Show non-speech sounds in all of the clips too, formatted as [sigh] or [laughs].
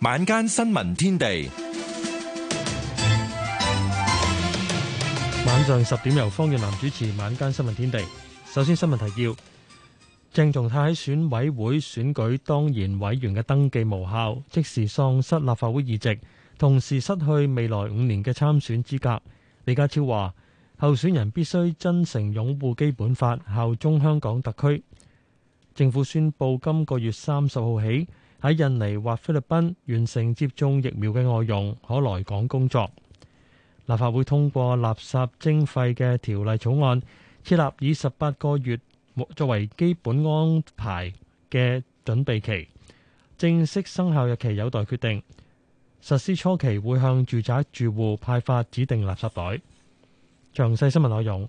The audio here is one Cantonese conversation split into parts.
晚間新聞天地，晚上十點由方月蘭主持。晚間新聞天地，首先新聞提要：鄭松泰喺選委會選舉當然委員嘅登記無效，即時喪失立法會議席，同時失去未來五年嘅參選資格。李家超話，候選人必須真誠擁護基本法，效忠香港特區。政府宣布，今個月三十號起。喺印尼或菲律賓完成接種疫苗嘅外傭可來港工作。立法會通過垃圾徵費嘅條例草案，設立以十八個月作為基本安排嘅準備期，正式生效日期有待決定。實施初期會向住宅住戶派發指定垃圾袋。詳細新聞內容，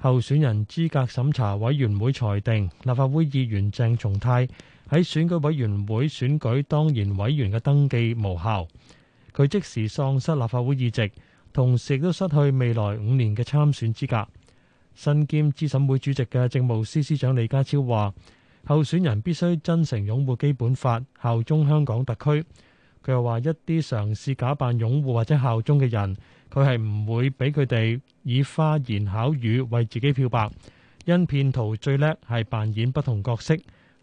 候選人資格審查委員會裁定，立法會議員鄭松泰，喺選舉委員會選舉當然委員嘅登記無效，佢即時喪失立法會議席，同時亦都失去未來五年嘅參選資格。身兼資審會主席嘅政務司司長李家超話：候選人必須真誠擁護基本法、效忠香港特區。佢又話：一啲嘗試假扮擁護或者效忠嘅人，佢係唔會俾佢哋以花言巧語為自己漂白，因騙徒最叻係扮演不同角色。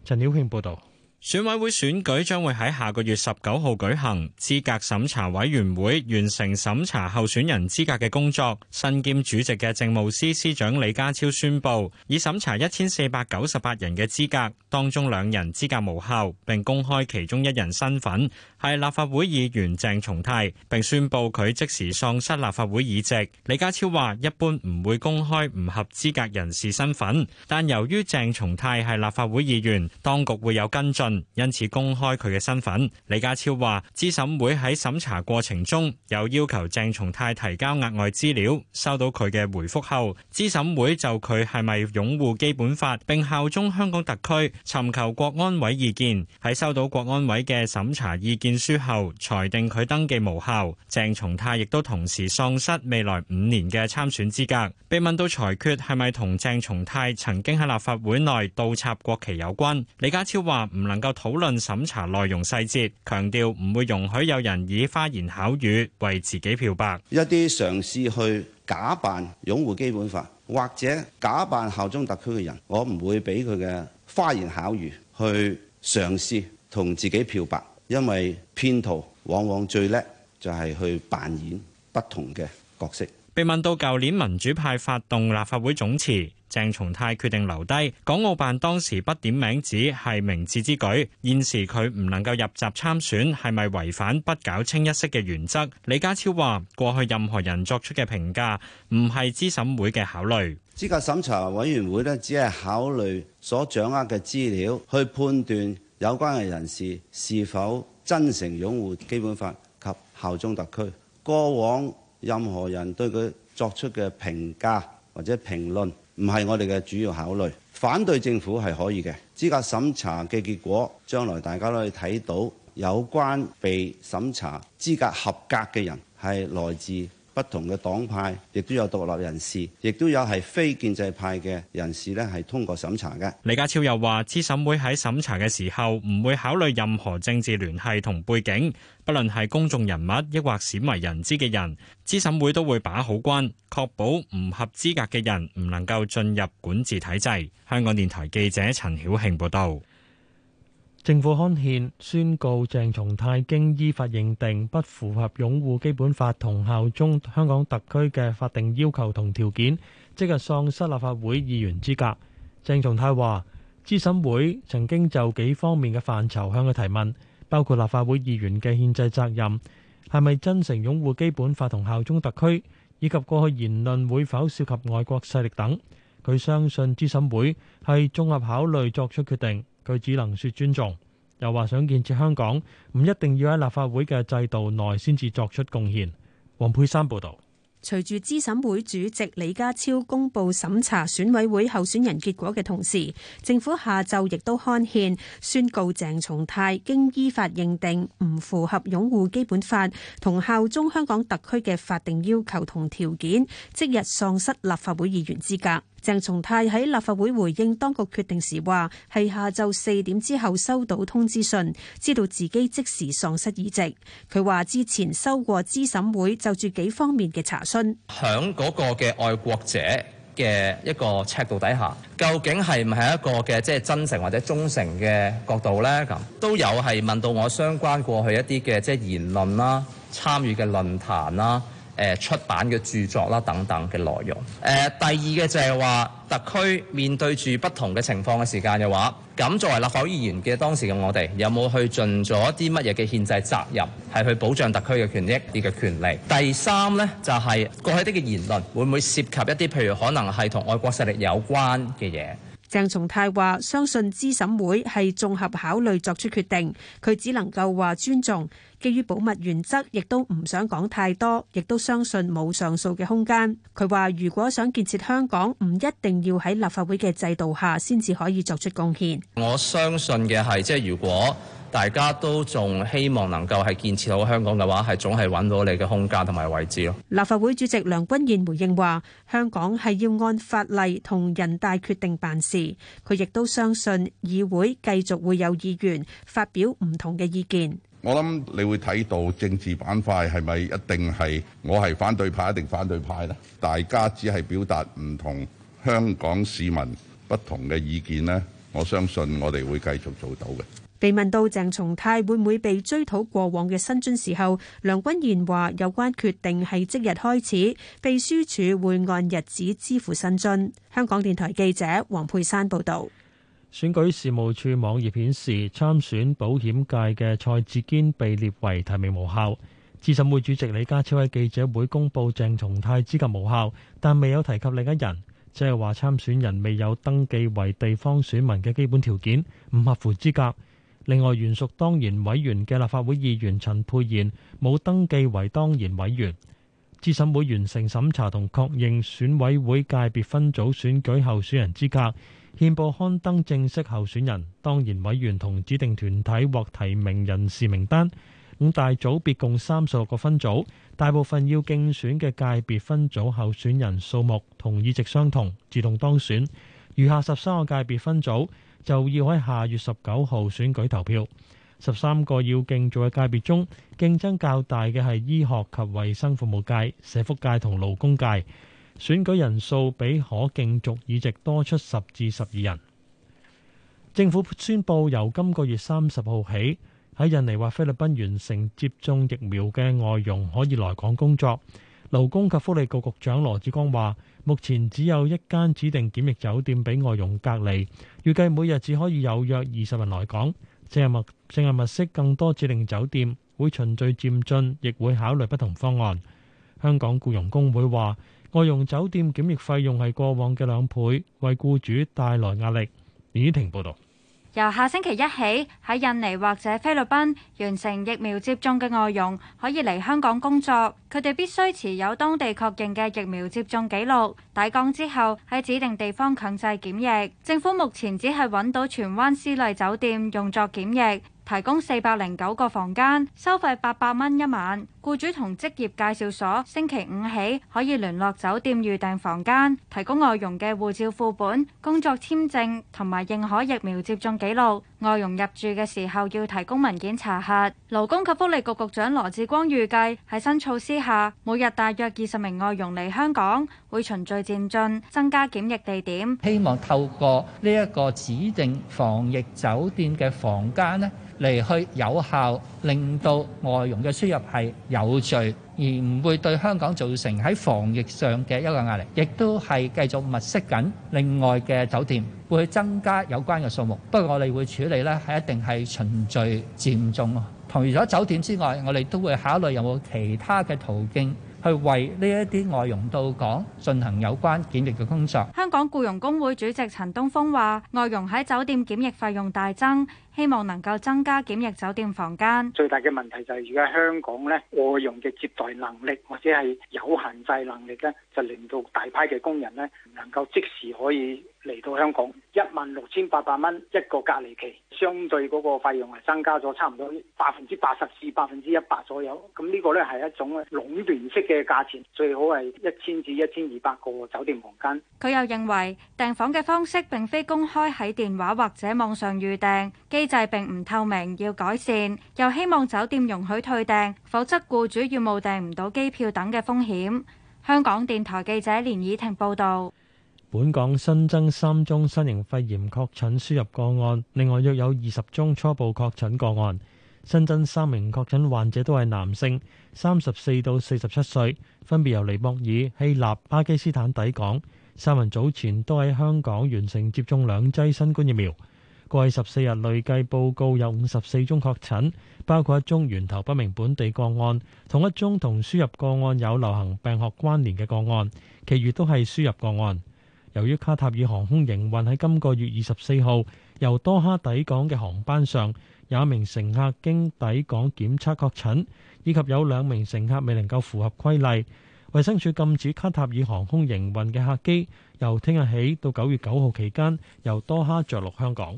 陳曉慶報道，選委會選舉將會喺下個月十九號舉行，資格審查委員會完成審查候選人資格嘅工作。身兼主席嘅政務司司長李家超宣布，已審查一千四百九十八人嘅資格，當中兩人資格無效，並公開其中一人身份。係立法會議員鄭松泰，並宣布佢即時喪失立法會議席。李家超話：一般唔會公開唔合資格人士身份，但由於鄭松泰係立法會議員，當局會有跟進，因此公開佢嘅身份。李家超話：資審會喺審查過程中有要求鄭松泰提交額外資料，收到佢嘅回覆後，資審會就佢係咪擁護基本法並效忠香港特區，尋求國安委意見。喺收到國安委嘅審查意見。書後裁定佢登記無效，鄭松泰亦都同時喪失未來五年嘅參選資格。被問到裁決係咪同鄭松泰曾經喺立法會內倒插國旗有關，李家超話唔能夠討論審查內容細節，強調唔會容許有人以花言巧語為自己漂白。一啲嘗試去假扮擁護基本法或者假扮效忠特區嘅人，我唔會俾佢嘅花言巧語去嘗試同自己漂白。因為騙徒往往最叻就係去扮演不同嘅角色。被問到舊年民主派發動立法會總辭，鄭松泰決定留低，港澳辦當時不點名指係明智之舉。現時佢唔能夠入閘參選，係咪違反不搞清一色嘅原則？李家超話：過去任何人作出嘅評價，唔係資審會嘅考慮。資格審查委員會呢，只係考慮所掌握嘅資料去判斷。有關嘅人士是否真誠擁護基本法及效忠特區？過往任何人對佢作出嘅評價或者評論，唔係我哋嘅主要考慮。反對政府係可以嘅。資格審查嘅結果，將來大家都會睇到，有關被審查資格合格嘅人係來自不同嘅黨派，亦都有獨立人士，亦都有係非建制派嘅人士呢係通過審查嘅。李家超又話：，資審會喺審查嘅時候唔會考慮任何政治聯繫同背景，不論係公眾人物，抑或鮮為人知嘅人，資審會都會把好關，確保唔合資格嘅人唔能夠進入管治體制。香港電台記者陳曉慶報道。政府刊憲宣告鄭松泰經依法認定不符合擁護基本法同效忠香港特區嘅法定要求同條件，即日喪失立法會議員資格。鄭松泰話：，資審會曾經就幾方面嘅範疇向佢提問，包括立法會議員嘅憲制責任係咪真誠擁護基本法同效忠特區，以及過去言論會否涉及外國勢力等。佢相信資審會係綜合考慮作出決定。佢只能說尊重，又話想建設香港，唔一定要喺立法會嘅制度內先至作出貢獻。黃佩珊報導。隨住資審會主席李家超公布審查選委會候選人結果嘅同時，政府下晝亦都刊憲宣告鄭松泰經依法認定唔符合擁護基本法同效忠香港特區嘅法定要求同條件，即日喪失立法會議員資格。鄭松泰喺立法會回應當局決定時話，係下晝四點之後收到通知信，知道自己即時喪失議席。佢話之前收過資審會就住幾方面嘅查詢，響嗰個嘅愛國者嘅一個尺度底下，究竟係唔係一個嘅即係真誠或者忠誠嘅角度咧？咁都有係問到我相關過去一啲嘅即係言論啦，參與嘅論壇啦。誒出版嘅著作啦，等等嘅內容。誒第二嘅就係話特區面對住不同嘅情況嘅時間嘅話，咁作為立法會議員嘅當時嘅我哋，有冇去盡咗一啲乜嘢嘅憲制責任，係去保障特區嘅權益呢個權利？第三咧就係、是、過去啲嘅言論會唔會涉及一啲譬如可能係同外國勢力有關嘅嘢？鄭松泰話相信資審會係綜合考慮作出決定，佢只能夠話尊重。基於保密原則，亦都唔想講太多，亦都相信冇上訴嘅空間。佢話如果想建設香港，唔一定要喺立法會嘅制度下先至可以作出貢獻。我相信嘅係，即係如果大家都仲希望能夠係建設好香港嘅話，係總係揾到你嘅空間同埋位置咯。立法會主席梁君彥回應話，香港係要按法例同人大決定辦事。佢亦都相信議會繼續會有議員發表唔同嘅意見。我諗你會睇到政治板塊係咪一定係我係反對派一定反對派呢？大家只係表達唔同香港市民不同嘅意見呢。我相信我哋會繼續做到嘅。被問到鄭松泰會唔會被追討過往嘅薪津時候，梁君彥話有關決定係即日開始，秘書處會按日子支付薪津。香港電台記者黃佩珊報道。選舉事務處網頁顯示，參選保險界嘅蔡志堅被列為提名無效。資審會主席李家超喺記者會公布鄭松泰資格無效，但未有提及另一人，即係話參選人未有登記為地方選民嘅基本條件，唔合乎資格。另外，原屬當然委員嘅立法會議員陳沛然冇登記為當然委員。資審會完成審查同確認選委會界別分組選舉候選人資格。憲報刊登正式候選人，當然委員同指定團體獲提名人士名單。五大組別共三十六個分組，大部分要競選嘅界別分組候選人數目同議席相同，自動當選。餘下十三個界別分組就要喺下月十九號選舉投票。十三個要競逐嘅界別中，競爭較大嘅係醫學及衛生服務界、社福界同勞工界。選舉人數比可競逐議席多出十至十二人。政府宣布由今個月三十號起，喺印尼或菲律賓完成接種疫苗嘅外傭可以來港工作。勞工及福利局局長羅致光話：目前只有一間指定檢疫酒店俾外傭隔離，預計每日只可以有約二十人來港。正係物，正係物色更多指定酒店，會循序漸進，亦會考慮不同方案。香港僱傭工會話。外傭酒店檢疫費用係過往嘅兩倍，為僱主帶來壓力。李雨婷報道。由下星期一起，喺印尼或者菲律賓完成疫苗接種嘅外傭可以嚟香港工作，佢哋必須持有當地確認嘅疫苗接種記錄。抵港之後喺指定地方強制檢疫。政府目前只係揾到荃灣絲麗酒店用作檢疫。提供四百零九個房間，收費八百蚊一晚。僱主同職業介紹所星期五起可以聯絡酒店預訂房間，提供外傭嘅護照副本、工作簽證同埋認可疫苗接種記錄。外傭入住嘅時候要提供文件查核。勞工及福利局局長羅致光預計喺新措施下，每日大約二十名外傭嚟香港會循序漸進增加檢疫地點，希望透過呢一個指定防疫酒店嘅房間咧嚟去有效令到外傭嘅輸入係有序，而唔會對香港造成喺防疫上嘅一個壓力，亦都係繼續物色緊另外嘅酒店，會增加有關嘅數目。不過我哋會處理咧，係一定係循序漸進咯。同餘咗酒店之外，我哋都會考慮有冇其他嘅途徑去為呢一啲外傭到港進行有關檢疫嘅工作。香港僱傭工會主席陳東峯話：外傭喺酒店檢疫費用大增。希望能夠增加檢疫酒店房間。最大嘅問題就係而家香港咧，外傭嘅接待能力或者係有限制能力咧，就令到大批嘅工人咧，唔能夠即時可以嚟到香港。一萬六千八百蚊一個隔離期，相對嗰個費用係增加咗差唔多百分之八十至百分之一百左右。咁呢個咧係一種壟斷式嘅價錢，最好係一千至一千二百個酒店房間。佢又認為訂房嘅方式並非公開喺電話或者網上預訂，機制並唔透明，要改善，又希望酒店容許退訂，否則雇主要冒訂唔到機票等嘅風險。香港電台記者連以婷報道，本港新增三宗新型肺炎確診輸入個案，另外約有二十宗初步確診個案。新增三名確診患者都係男性，三十四到四十七歲，分別由尼泊爾、希臘、巴基斯坦抵港。三人早前都喺香港完成接種兩劑新冠疫苗。過去十四日累計報告有五十四宗確診，包括一宗源頭不明本地個案，同一宗同輸入個案有流行病學關聯嘅個案，其餘都係輸入個案。由於卡塔爾航空營運喺今個月二十四號由多哈抵港嘅航班上，有一名乘客經抵港檢測確診，以及有兩名乘客未能夠符合規例，衛生署禁止卡塔爾航空營運嘅客機由聽日起到九月九號期間由多哈着陸香港。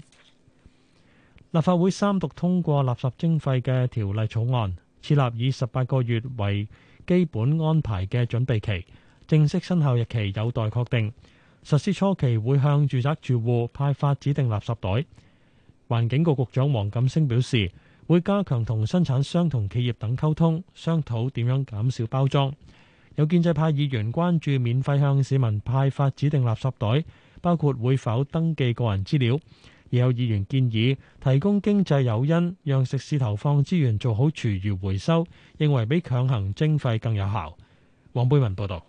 立法會三讀通過垃圾徵費嘅條例草案，設立以十八個月為基本安排嘅準備期，正式生效日期有待確定。實施初期會向住宅住戶派發指定垃圾袋。環境局局長黃錦星表示，會加強同生產商同企業等溝通，商討點樣減少包裝。有建制派議員關注免費向市民派發指定垃圾袋，包括會否登記個人資料。亦有議員建議提供經濟誘因，讓食肆投放資源做好廚餘回收，認為比強行徵費更有效。黃貝文報導。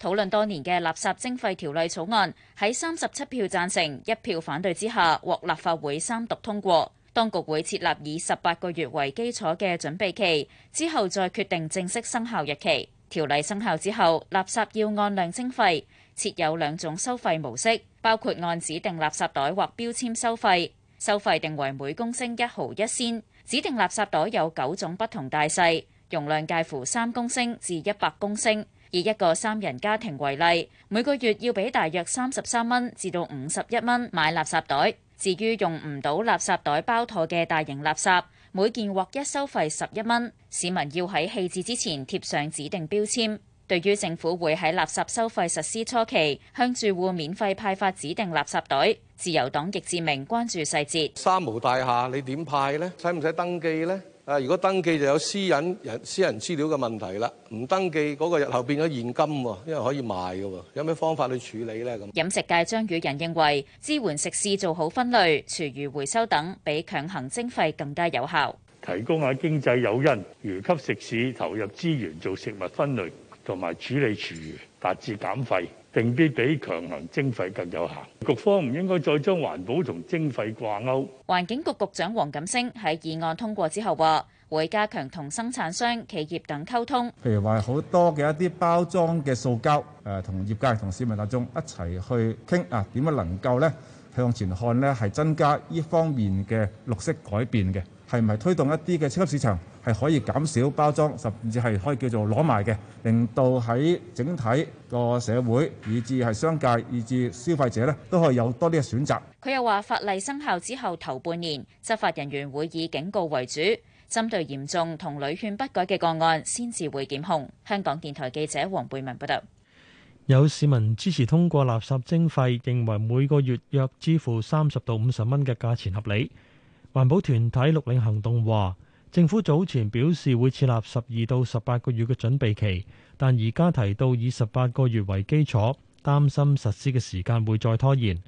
討論多年嘅垃圾徵費條例草案喺三十七票贊成、一票反對之下，獲立法會三讀通過。當局會設立以十八個月為基礎嘅準備期，之後再決定正式生效日期。條例生效之後，垃圾要按量徵費。設有兩種收費模式，包括按指定垃圾袋或標籤收費，收費定為每公升一毫一仙。指定垃圾袋有九種不同大細，容量介乎三公升至一百公升。以一個三人家庭為例，每個月要俾大約三十三蚊至到五十一蚊買垃圾袋。至於用唔到垃圾袋包妥嘅大型垃圾，每件劃一收費十一蚊。市民要喺棄置之前貼上指定標籤。對於政府會喺垃圾收費實施初期向住戶免費派發指定垃圾袋，自由黨亦指明關注細節。三無大廈你點派呢？使唔使登記呢？啊，如果登記就有私隱人私人資料嘅問題啦。唔登記嗰個日後變咗現金喎，因為可以賣嘅喎。有咩方法去處理呢？咁飲食界張宇人認為支援食肆做好分類、廚餘回收等，比強行徵費更加有效。提供下經濟誘因，如給食肆投入資源做食物分類。同埋處理廚餘達至減費，定必比強行徵費更有效。局方唔應該再將環保同徵費掛鈎。環境局局長黃錦星喺議案通過之後話：會加強同生產商、企業等溝通。譬如話好多嘅一啲包裝嘅塑膠，誒同業界同市民大眾一齊去傾啊，點樣能夠咧向前看咧，係增加呢方面嘅綠色改變嘅。係咪推動一啲嘅超級市場係可以減少包裝，甚至係可以叫做攞賣嘅，令到喺整體個社會，以至係商界，以至消費者呢，都可以有多啲嘅選擇。佢又話：法例生效之後頭半年，執法人員會以警告為主，針對嚴重同屢勸不改嘅個案，先至會檢控。香港電台記者黃貝文報道。有市民支持通過垃圾徵費，認為每個月約支付三十到五十蚊嘅價錢合理。環保團體綠領行動話，政府早前表示會設立十二到十八個月嘅準備期，但而家提到以十八個月為基礎，擔心實施嘅時間會再拖延。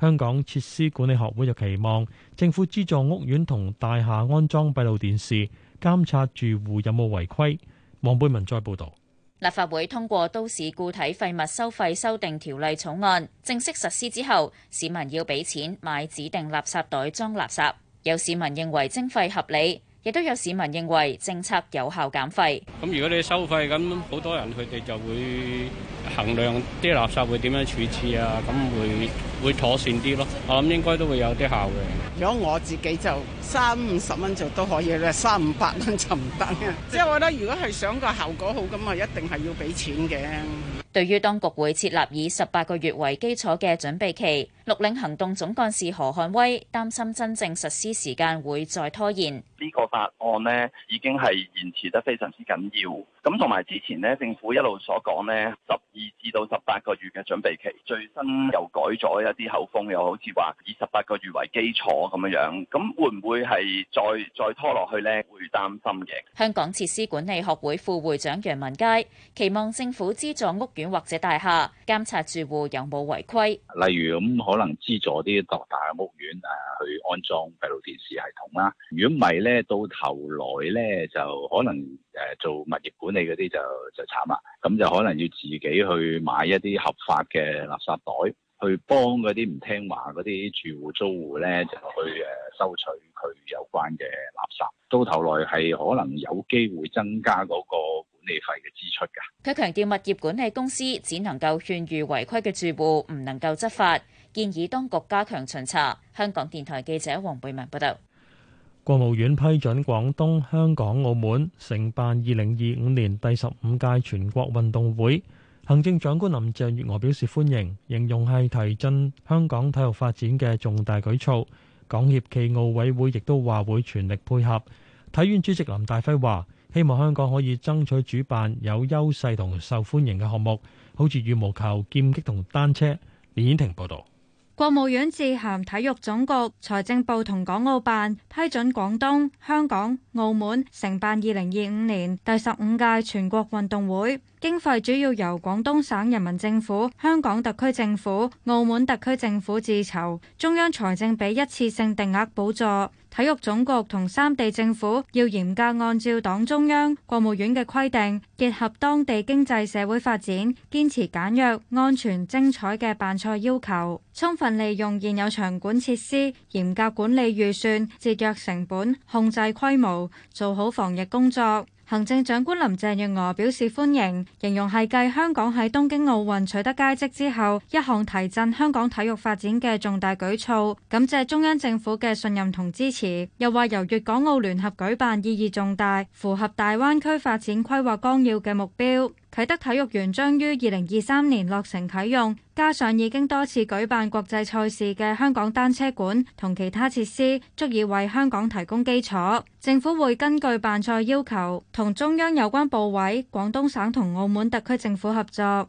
香港設施管理學會就期望政府資助屋苑同大廈安裝閉路電視，監察住戶有冇違規。黃貝文再報道。立法會通過都市固體廢物收費修訂條例草案，正式實施之後，市民要俾錢買指定垃圾袋裝垃圾。有市民認為徵費合理，亦都有市民認為政策有效減廢。咁如果你收費，咁好多人佢哋就會衡量啲垃圾會點樣處置啊，咁會會妥善啲咯。我諗應該都會有啲效嘅。如果我自己就。三五十蚊就都可以咧，三五百蚊就唔得。即係我覺得，如果係想個效果好咁啊，一定係要俾錢嘅。對於當局會設立以十八個月為基礎嘅準備期，綠領行動總幹事何漢威擔心真正實施時間會再拖延。這個答呢個法案咧已經係延遲得非常之緊要。咁同埋之前咧，政府一路所講咧，十二至到十八個月嘅準備期，最新又改咗一啲口風又好似話以十八個月為基礎咁樣樣，咁會唔會。佢係再再拖落去咧，會擔心嘅。香港設施管理學會副會長楊文佳期望政府資助屋苑或者大廈監察住戶有冇違規，例如咁，可能資助啲獨大嘅屋苑誒，去安裝閉路電視系統啦。如果唔係咧，到頭來咧就可能誒做物業管理嗰啲就就慘啦。咁就可能要自己去買一啲合法嘅垃圾袋。去幫嗰啲唔聽話嗰啲住戶租戶呢，就去誒收取佢有關嘅垃圾，到頭來係可能有機會增加嗰個管理費嘅支出㗎。佢強調，物業管理公司只能夠勸喻違規嘅住戶，唔能夠執法，建議當局加強巡查。香港電台記者黃貝文報道。國務院批准廣東、香港、澳門承辦二零二五年第十五屆全國運動會。行政長官林鄭月娥表示歡迎，形容係提振香港體育發展嘅重大舉措。港協暨奧委會亦都話會全力配合。體院主席林大輝話：希望香港可以爭取主辦有優勢同受歡迎嘅項目，好似羽毛球、劍擊同單車。李綺婷報道。國務院致函體育總局、財政部同港澳辦批准廣東、香港、澳門承辦二零二五年第十五屆全國運動會，經費主要由廣東省人民政府、香港特區政府、澳門特區政府自籌，中央財政俾一次性定額補助。體育總局同三地政府要嚴格按照黨中央、國務院嘅規定，結合當地經濟社會發展，堅持簡約、安全、精彩嘅辦賽要求，充分利用現有場館設施，嚴格管理預算，節約成本，控制規模，做好防疫工作。行政長官林鄭月娥表示歡迎，形容係繼香港喺東京奧運取得佳績之後，一項提振香港體育發展嘅重大舉措，感謝中央政府嘅信任同支持。又話由粵港澳聯合舉辦意義重大，符合大灣區發展規劃綱要嘅目標。啟德體育園將於二零二三年落成啟用，加上已經多次舉辦國際賽事嘅香港單車館同其他設施，足以為香港提供基礎。政府會根據辦賽要求，同中央有關部委、廣東省同澳門特區政府合作。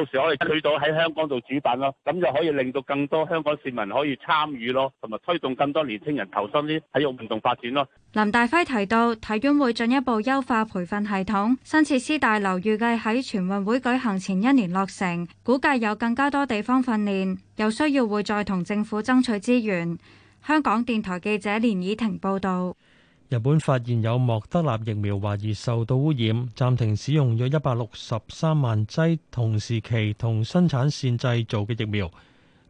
到時可以去到喺香港做主辦咯，咁就可以令到更多香港市民可以參與咯，同埋推動更多年輕人投身啲體育運動發展咯。林大輝提到，體院會進一步優化培訓系統，新設施大樓預計喺全運會舉行前一年落成，估計有更加多地方訓練，有需要會再同政府爭取資源。香港電台記者連以婷報導。日本發現有莫德納疫苗懷疑受到污染，暫停使用約一百六十三萬劑同時期同生產線製造嘅疫苗。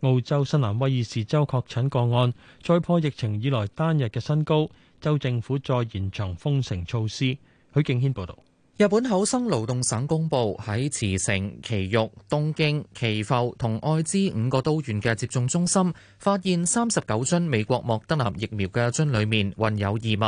澳洲新南威爾士州確診個案再破疫情以來單日嘅新高，州政府再延長封城措施。許敬軒報導。日本厚生勞動省公布，喺茨城、埼玉、東京、岐阜同愛知五個都縣嘅接種中心，發現三十九樽美國莫德納疫苗嘅樽裏面混有異物。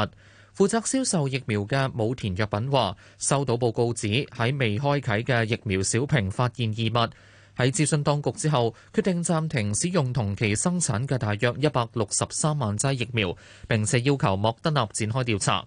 負責銷售疫苗嘅武田藥品話，收到報告指喺未開啟嘅疫苗小瓶發現異物，喺諮詢當局之後決定暫停使用同期生產嘅大約一百六十三萬劑疫苗，並且要求莫德納展開調查。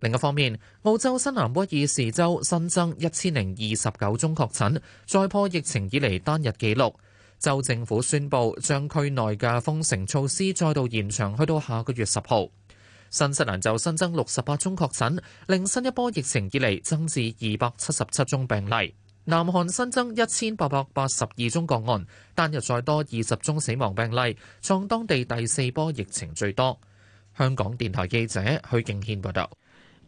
另一方面，澳洲新南威爾士州新增一千零二十九宗確診，再破疫情以嚟單日紀錄。州政府宣布將區內嘅封城措施再度延長去到下個月十號。新西蘭就新增六十八宗確診，令新一波疫情以嚟增至二百七十七宗病例。南韓新增一千八百八十二宗個案，單日再多二十宗死亡病例，創當地第四波疫情最多。香港電台記者許敬軒報道。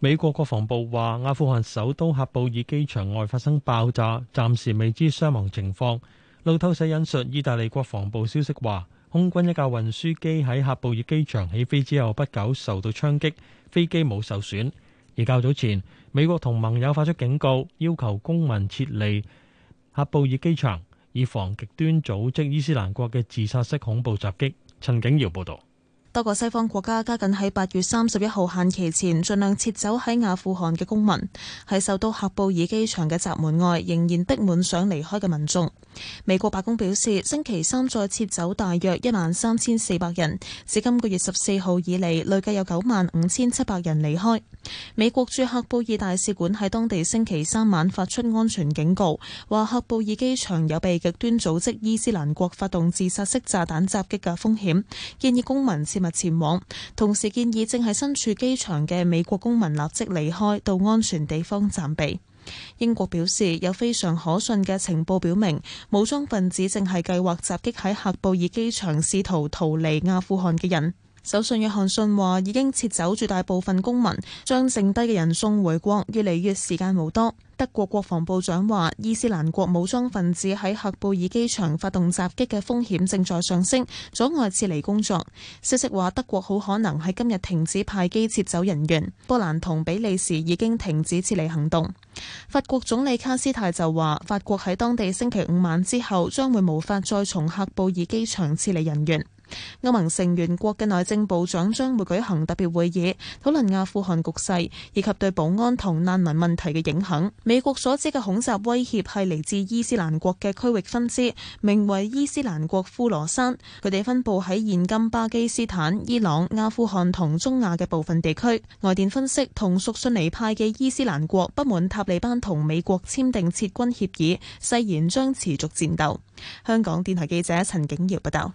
美國國防部話，阿富汗首都喀布爾機場外發生爆炸，暫時未知傷亡情況。路透社引述意大利國防部消息話，空軍一架運輸機喺喀布爾機場起飛之後不久受到槍擊，飛機冇受損。而較早前，美國同盟友發出警告，要求公民撤離喀布爾機場，以防極端組織伊斯蘭國嘅自殺式恐怖襲擊。陳景堯報道。多個西方國家加緊喺八月三十一號限期前盡量撤走喺阿富汗嘅公民。喺首都喀布爾機場嘅閘門外，仍然逼滿想離開嘅民眾。美國白宮表示，星期三再撤走大約一萬三千四百人。至今個月十四號以嚟，累計有九萬五千七百人離開。美國駐喀布爾大使館喺當地星期三晚發出安全警告，話喀布爾機場有被極端組織伊斯蘭國發動自殺式炸彈襲擊嘅風險，建議公民撤。勿前往，同時建議正係身處機場嘅美國公民立即離開到安全地方暫避。英國表示有非常可信嘅情報表明，武裝分子正係計劃襲擊喺喀布爾機場試圖逃離阿富汗嘅人。首相約翰遜話：已經撤走絕大部分公民，將剩低嘅人送回國，越嚟越時間無多。德國國防部長話：伊斯蘭國武裝分子喺赫布爾機場發動襲擊嘅風險正在上升，阻礙撤離工作。消息話德國好可能喺今日停止派機撤走人員。波蘭同比利時已經停止撤離行動。法國總理卡斯泰就話：法國喺當地星期五晚之後，將會無法再從赫布爾機場撤離人員。歐盟成員國嘅內政部長將會舉行特別會議，討論阿富汗局勢以及對保安同難民問題嘅影響。美國所指嘅恐襲威脅係嚟自伊斯蘭國嘅區域分支，名為伊斯蘭國呼羅山。佢哋分布喺現今巴基斯坦、伊朗、阿富汗同中亞嘅部分地區。外電分析，同屬遜尼派嘅伊斯蘭國不滿塔利班同美國簽訂撤軍協議，誓言將持續戰鬥。香港電台記者陳景瑤報道。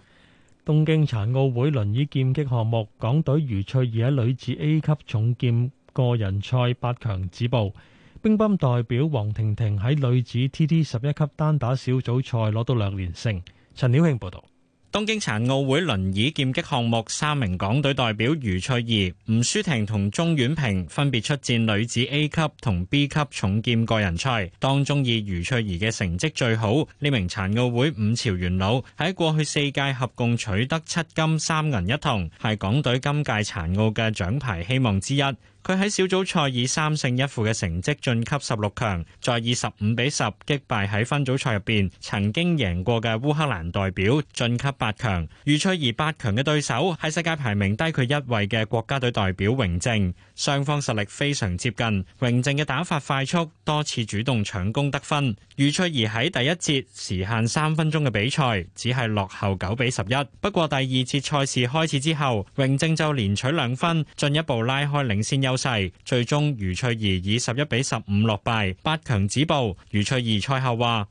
東京殘奧會輪椅劍擊項目，港隊余翠怡喺女子 A 級重劍個人賽八強止步。乒乓代表黃婷婷喺女子 TT 十一級單打小組賽攞到兩連勝。陳曉慶報道。東京殘奧會輪椅劍擊項目，三名港隊代表余翠怡、吳舒婷同鍾婉萍分別出戰女子 A 級同 B 級重劍個人賽，當中以余翠怡嘅成績最好。呢名殘奧會五朝元老喺過去四屆合共取得七金三銀一銅，係港隊今屆殘奧嘅獎牌希望之一。佢喺小組賽以三勝一負嘅成績晉級十六強，再以十五比十擊敗喺分組賽入邊曾經贏過嘅烏克蘭代表晉級八強。余翠怡八強嘅對手係世界排名低佢一位嘅國家隊代表榮正，雙方實力非常接近。榮正嘅打法快速，多次主動搶攻得分。余翠怡喺第一節時限三分鐘嘅比賽只係落後九比十一，不過第二節賽事開始之後，榮正就連取兩分，進一步拉開領先優勢。最終余翠怡以十一比十五落敗，八強止步。余翠怡賽後話。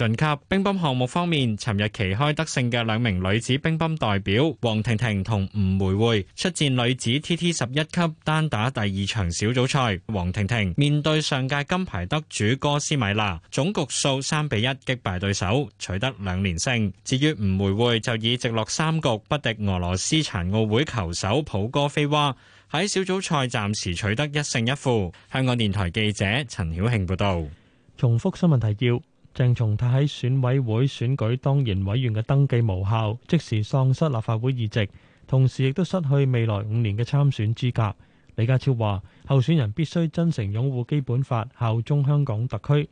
晉級乒乓項目方面，尋日旗開得勝嘅兩名女子乒乓代表王婷婷同吳梅惠出戰女子 TT 十一級單打第二場小組賽。王婷婷面對上屆金牌得主哥斯米娜，總局數三比一擊敗對手，取得兩連勝。至於吳梅惠就以直落三局不敵俄羅斯殘奧會球手普哥菲娃，喺小組賽暫時取得一勝一負。香港電台記者陳曉慶報道。重複新聞提要。鄭松泰喺選委會選舉當然委員嘅登記無效，即時喪失立法會議席，同時亦都失去未來五年嘅參選資格。李家超話，候選人必須真誠擁護基本法，效忠香港特區。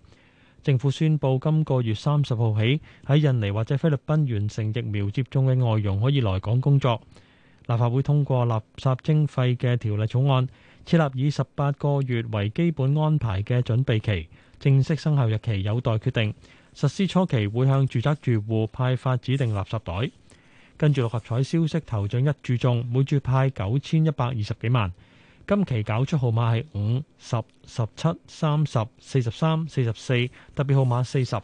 政府宣布今個月三十號起，喺印尼或者菲律賓完成疫苗接種嘅外傭可以來港工作。立法會通過垃圾徵費嘅條例草案，設立以十八個月為基本安排嘅準備期。正式生效日期有待決定，實施初期會向住宅住戶派發指定垃圾袋。跟住六合彩消息頭獎一注中，每注派九千一百二十幾萬。今期攪出號碼係五、十、十七、三十、四十三、四十四，特別號碼四十。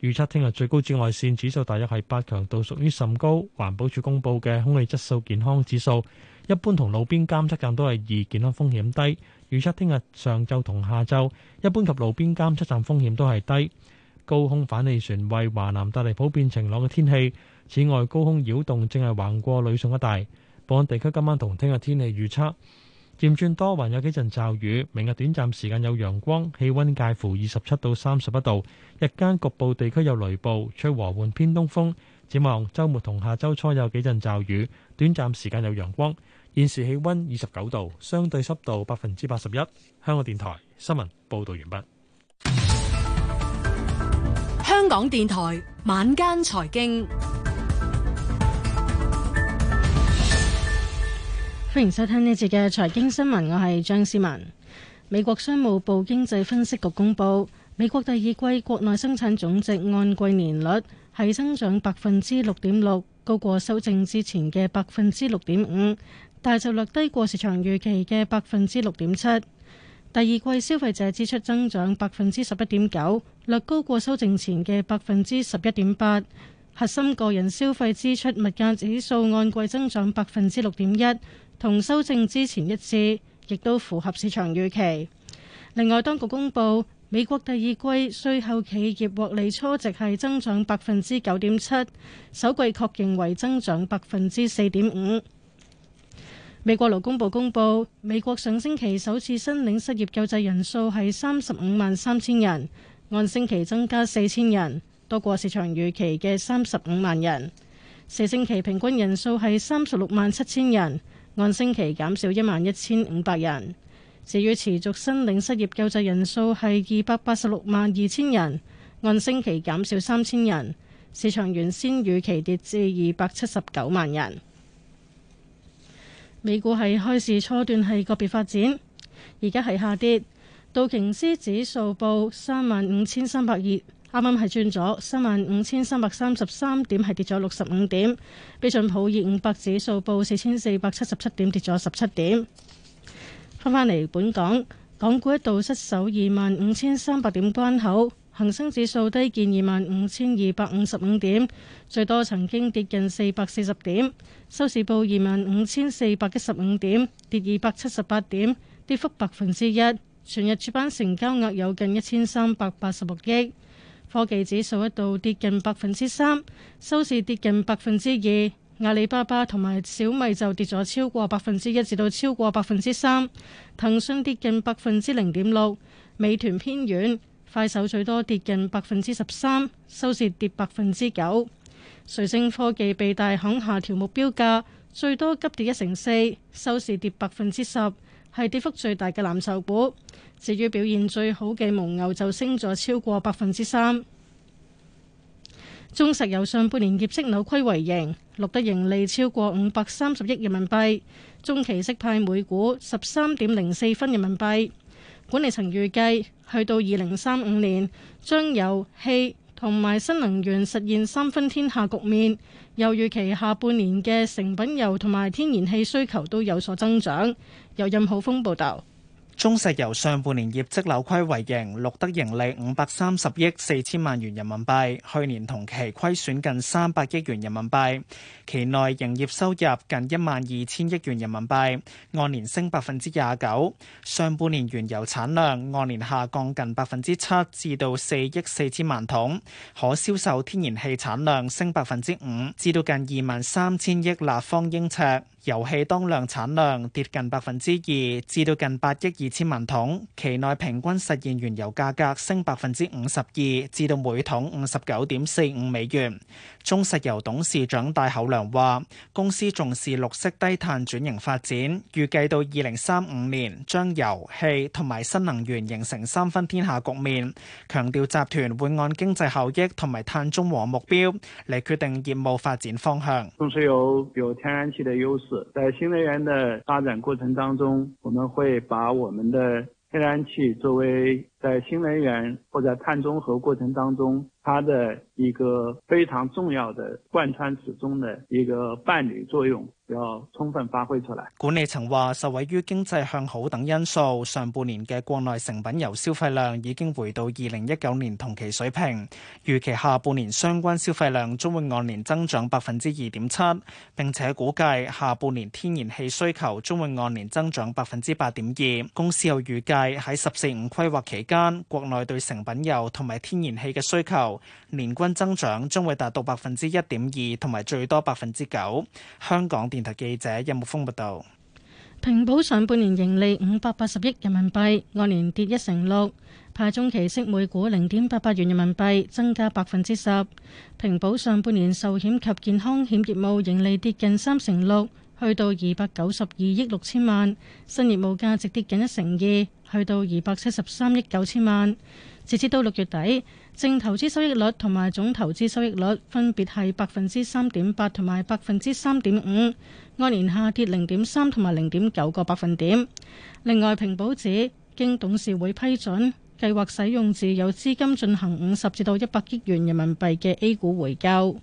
預測聽日最高紫外線指數大約係八強度，屬於甚高。環保署公佈嘅空氣質素健康指數，一般同路邊監測站都係二，健康風險低。預測聽日上晝同下晝，一般及路邊監測站風險都係低。高空反氣旋為華南帶嚟普遍晴朗嘅天氣。此外，高空擾動正係橫過呂宋一帶。本港地區今晚同聽日天氣預測漸轉多雲，有幾陣驟雨。明日短暫時間有陽光，氣溫介乎二十七到三十一度。日間局部地區有雷暴，吹和緩偏東風。展望週末同下週初有幾陣驟雨，短暫時間有陽光。現時氣溫二十九度，相對濕度百分之八十一。香港電台新聞報道完畢。香港電台晚間財經，歡迎收聽呢節嘅財經新聞，我係張思文。美國商務部經濟分析局公布，美國第二季國內生產總值按季年率係增長百分之六點六。高過修正之前嘅百分之六點五，但係就略低過市場預期嘅百分之六點七。第二季消費者支出增長百分之十一點九，略高過修正前嘅百分之十一點八。核心個人消費支出物價指數按季增長百分之六點一，同修正之前一致，亦都符合市場預期。另外，當局公布，美國第二季稅後企業獲利初值係增長百分之九點七，首季確認為增長百分之四點五。美國勞工部公布，美國上星期首次申領失業救濟人數係三十五萬三千人，按星期增加四千人，多過市場預期嘅三十五萬人。四星期平均人數係三十六萬七千人，按星期減少一萬一千五百人。至於持續申領失業救濟人數係二百八十六萬二千人，按星期減少三千人。市場原先預期跌至二百七十九萬人。美股係開市初段係個別發展，而家係下跌。道瓊斯指數報三萬五千三百二，啱啱係轉咗三萬五千三百三十三點，係跌咗六十五點。標準普爾五百指數報四千四百七十七點，跌咗十七點。返返嚟本港，港股一度失守二萬五千三百點關口，恒生指數低見二萬五千二百五十五點，最多曾經跌近四百四十點，收市報二萬五千四百一十五點，跌二百七十八點，跌幅百分之一。全日主板成交額有近一千三百八十六億，科技指數一度跌近百分之三，收市跌近百分之二。阿里巴巴同埋小米就跌咗超過百分之一至到超過百分之三，騰訊跌近百分之零點六，美團偏軟，快手最多跌近百分之十三，收市跌百分之九。瑞聲科技被大行下調目標價，最多急跌一成四，收市跌百分之十，係跌幅最大嘅藍籌股。至於表現最好嘅蒙牛就升咗超過百分之三。中石油上半年業績扭虧為盈，錄得盈利超過五百三十億人民幣，中期息派每股十三點零四分人民幣。管理層預計去到二零三五年，將油氣同埋新能源實現三分天下局面。又預期下半年嘅成品油同埋天然氣需求都有所增長。由任浩峰報道。中石油上半年業績扭虧為盈，錄得盈利五百三十億四千萬元人民幣，去年同期虧損近三百億元人民幣。期內營業收入近一萬二千億元人民幣，按年升百分之廿九。上半年原油產量按年下降近百分之七，至到四億四千萬桶，可銷售天然氣產量升百分之五，至到近二萬三千億立方英尺。油氣當量產量跌近百分之二，至到近八億二千萬桶。期內平均實現原油價格升百分之五十二，至到每桶五十九點四五美元。中石油董事長戴厚良話公司重視綠色低碳轉型發展，預計到二零三五年將油氣同埋新能源形成三分天下局面。強調集團會按經濟效益同埋碳中和目標嚟決定業務發展方向。中石油有天然氣的優勢，在新能源的發展過程當中，我們會把我們的天然氣作為在新能源或者碳中和過程當中。它的一個非常重要的貫穿始終的一個伴侶作用。要充分發揮出嚟。管理層話，受惠於經濟向好等因素，上半年嘅國內成品油消費量已經回到二零一九年同期水平。預期下半年相關消費量將會按年增長百分之二點七，並且估計下半年天然氣需求將會按年增長百分之八點二。公司又預計喺十四五規劃期間，國內對成品油同埋天然氣嘅需求年均增長將會達到百分之一點二，同埋最多百分之九。香港。電台記者任木峰報道：平保上半年盈利五百八十億人民幣，按年跌一成六，派中期息每股零點八八元人民幣，增加百分之十。平保上半年壽險及健康險業務盈利跌近三成六，去到二百九十二億六千萬，新業務價值跌近一成二，去到二百七十三億九千萬。截至到六月底。淨投資收益率同埋總投資收益率分別係百分之三點八同埋百分之三點五，按年下跌零點三同埋零點九個百分點。另外，平保指經董事會批准，計劃使用自有資金進行五十至到一百億元人民幣嘅 A 股回購。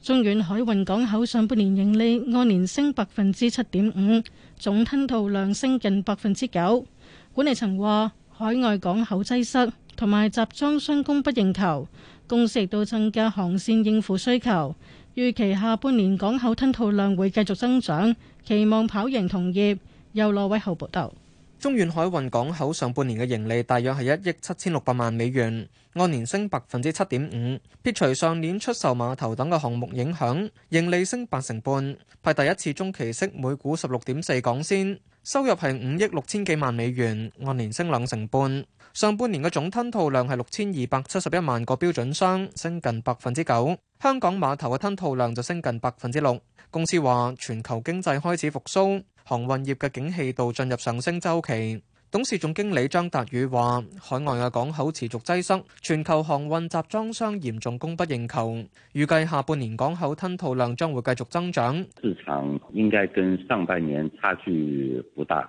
中遠海運港口上半年盈利按年升百分之七點五，總吞吐量升近百分之九。管理層話海外港口擠塞。同埋集裝箱供不應求，公司亦都增加航線應付需求。預期下半年港口吞吐量會繼續增長，期望跑贏同業。有羅偉豪報道，中遠海運港口上半年嘅盈利大約係一億七千六百萬美元，按年升百分之七點五，撇除上年出售碼頭等嘅項目影響，盈利升八成半，派第一次中期息每股十六點四港仙，收入係五億六千幾萬美元，按年升兩成半。上半年嘅總吞吐量係六千二百七十一萬個標準箱，升近百分之九。香港碼頭嘅吞吐量就升近百分之六。公司話全球經濟開始復甦，航運業嘅景氣度進入上升週期。董事總經理張達宇話：海外嘅港口持續擠塞，全球航運集裝箱嚴重供不應求，預計下半年港口吞吐量將會繼續增長。市場應該跟上半年差距不大。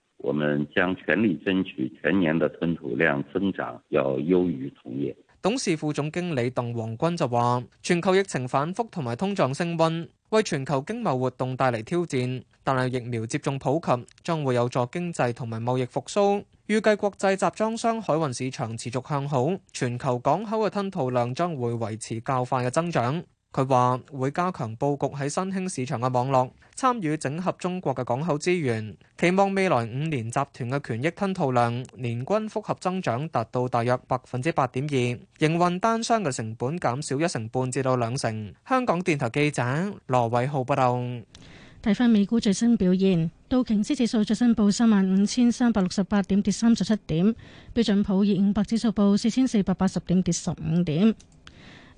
我們將全力爭取全年的吞吐量增長要優於同業。董事副總經理鄧黃軍就話：全球疫情反覆同埋通脹升溫，為全球經貿活動帶嚟挑戰。但係疫苗接種普及，將會有助經濟同埋貿易復蘇。預計國際集裝箱海運市場持續向好，全球港口嘅吞吐量將會維持較快嘅增長。佢話會加強佈局喺新興市場嘅網絡，參與整合中國嘅港口資源。期望未來五年集團嘅權益吞吐量年均複合增長達到大約百分之八點二，營運單箱嘅成本減少一成半至到兩成。香港電台記者羅偉浩報道。睇返美股最新表現，道瓊斯指數最新報三萬五千三百六十八點，跌三十七點；標準普爾五百指數報四千四百八十點，跌十五點。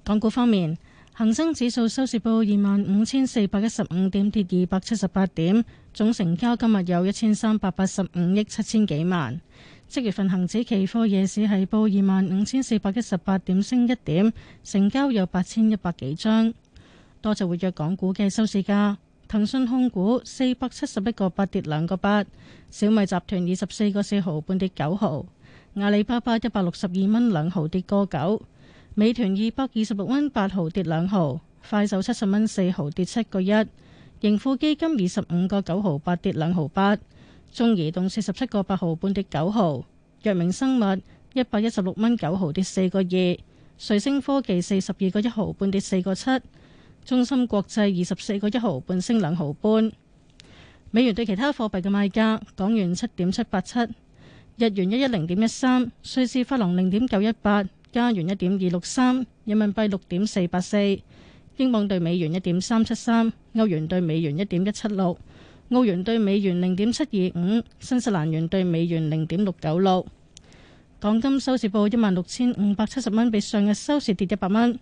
港股方面。恒生指數收市報二萬五千四百一十五點，跌二百七十八點。總成交今日有一千三百八十五億七千幾萬。即月份恒指期貨夜市係報二萬五千四百一十八點，升一點，成交有八千一百幾張。多隻活躍港股嘅收市價：騰訊控股四百七十一個八跌兩個八，小米集團二十四個四毫半跌九毫，阿里巴巴一百六十二蚊兩毫跌個九。美團二百二十六蚊八毫跌兩毫，快手七十蚊四毫跌七個一，盈富基金二十五個九毫八跌兩毫八，中移動四十七個八毫半跌九毫，藥明生物一百一十六蚊九毫跌四個二，瑞星科技四十二個一毫半跌四個七，中芯國際二十四個一毫半升兩毫半。美元對其他貨幣嘅賣價：港元七點七八七，日元一一零點一三，瑞士法郎零點九一八。加元一點二六三，3，人民幣六點四八四，英鎊兌美元一點三七三，歐元兌美元一點一七六，澳元兌美元零點七二五，新西蘭元兌美元零點六九六。港金收市報一萬六千五百七十蚊，比上日收市跌一百蚊。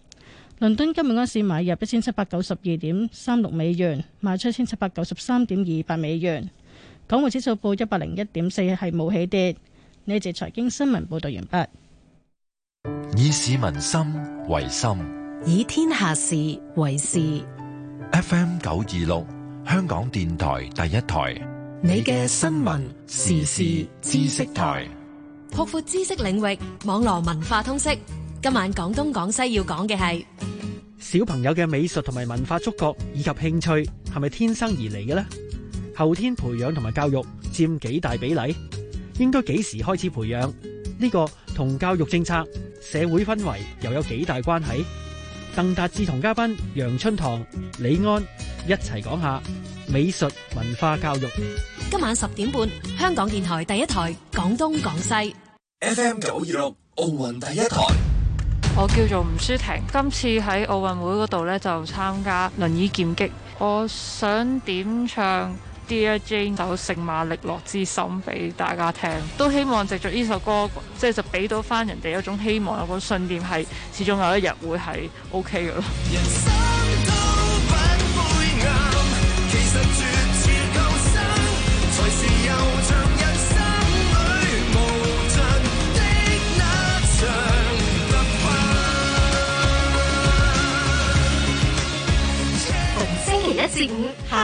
倫敦金每盎司買入一千七百九十二點三六美元，賣出一千七百九十三點二八美元。港匯指數報一百零一點四，係冇起跌。呢、這、節、個、財經新聞報道完畢。以市民心為心，以天下事為事。FM 九二六，香港電台第一台，你嘅新聞時事知識台，擴闊知識領域，網絡文化通識。今晚講東講西要講嘅係小朋友嘅美術同埋文化觸覺，以及興趣係咪天生而嚟嘅呢？後天培養同埋教育佔幾大比例？應該幾時開始培養呢個？同教育政策、社會氛圍又有幾大關係？鄧達志同嘉賓楊春堂、李安一齊講下美術文化教育。今晚十點半，香港電台第一台廣東廣西 FM 九二六，奧運第一台。我叫做吳舒婷，今次喺奧運會嗰度咧就參加輪椅劍擊。我想點唱？Dear Jane，有聖馬力諾之心俾大家聽，都希望藉著呢首歌，即係就俾到翻人哋一種希望，有個信念係，始終有一日會係 O K 嘅咯。Yeah.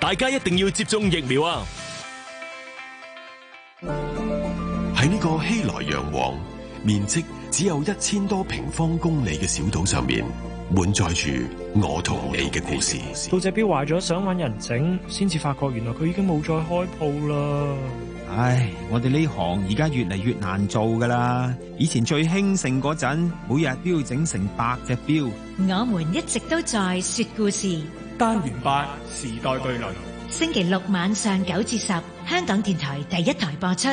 大家一定要接種疫苗啊！喺呢個熙來攘往、面積只有一千多平方公里嘅小島上面，滿載住我同你嘅故事。到隻表壞咗，想揾人整，先至發覺原來佢已經冇再開鋪啦。唉，我哋呢行而家越嚟越難做噶啦。以前最興盛嗰陣，每日都要整成百隻表。我們一直都在說故事。單元八時代巨輪，星期六晚上九至十，香港電台第一台播出。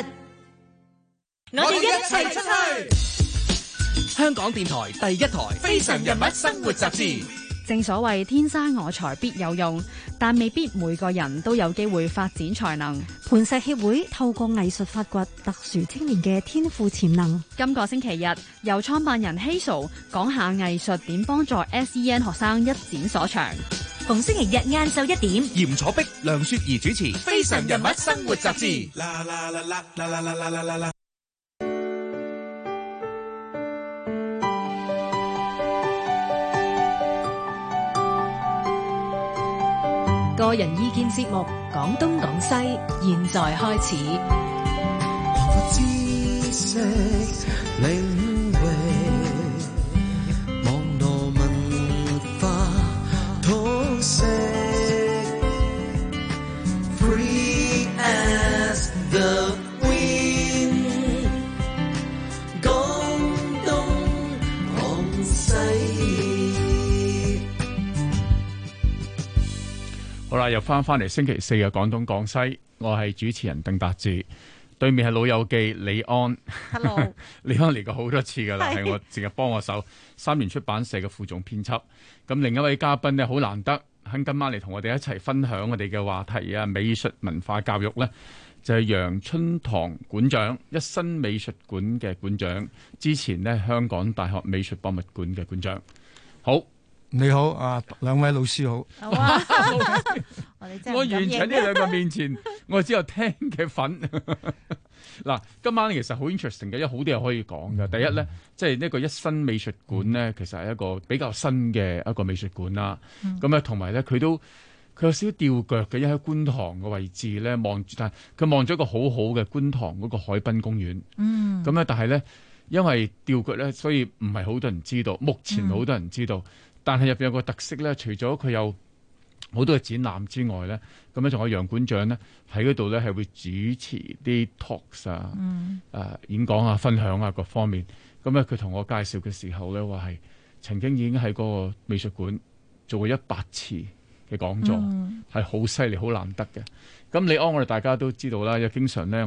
我哋一齊出去。香港電台第一台非常人物生活雜誌。正所謂天生我材必有用，但未必每個人都有機會發展才能。磐石協會透過藝術發掘特殊青年嘅天賦潛能。今個星期日由創辦人希素講下藝術點幫助 SEN 學生一展所長。逢星期日晏晝一點，嚴楚碧、梁雪兒主持《非常人物生活雜誌》。啦啦啦啦啦啦啦啦啦！個人意見節目，講東講西，現在開始。又翻翻嚟星期四嘅廣東廣西，我係主持人鄧達志，對面係老友記李安，Hello. [laughs] 李安嚟過好多次㗎喇，係是我淨係幫我手，三聯出版社嘅副總編輯。咁另一位嘉賓呢，好難得喺今晚嚟同我哋一齊分享我哋嘅話題啊，美術文化教育呢，就係、是、楊春堂館長，一新美術館嘅館長，之前呢，香港大學美術博物館嘅館長。好。你好啊，兩位老師好。我完全喺呢兩個面前，我只有聽嘅份。嗱， [laughs] 今晚其實好 interesting, 好 interesting 嘅，有好啲嘢可以講嘅。嗯、第一咧，即係呢個一新美術館咧，其實係一個比較新嘅一個美術館啦。咁啊、嗯，同埋咧，佢都佢有少少吊腳嘅，因喺觀塘嘅位置咧，望住，但佢望咗一個好好嘅觀塘嗰個海濱公園。嗯，咁咧，但係咧，因為吊腳咧，所以唔係好多人知道。目前好多人知道。嗯但係入邊有一個特色咧，除咗佢有好多嘅展覽之外咧，咁咧仲有楊館長咧喺度咧係會主持啲 talks 啊、嗯，誒、啊、演講啊、分享啊各方面。咁咧佢同我介紹嘅時候咧話係曾經已經喺嗰個美術館做過一百次嘅講座，係好犀利、好難得嘅。咁你安我哋大家都知道啦，又經常咧。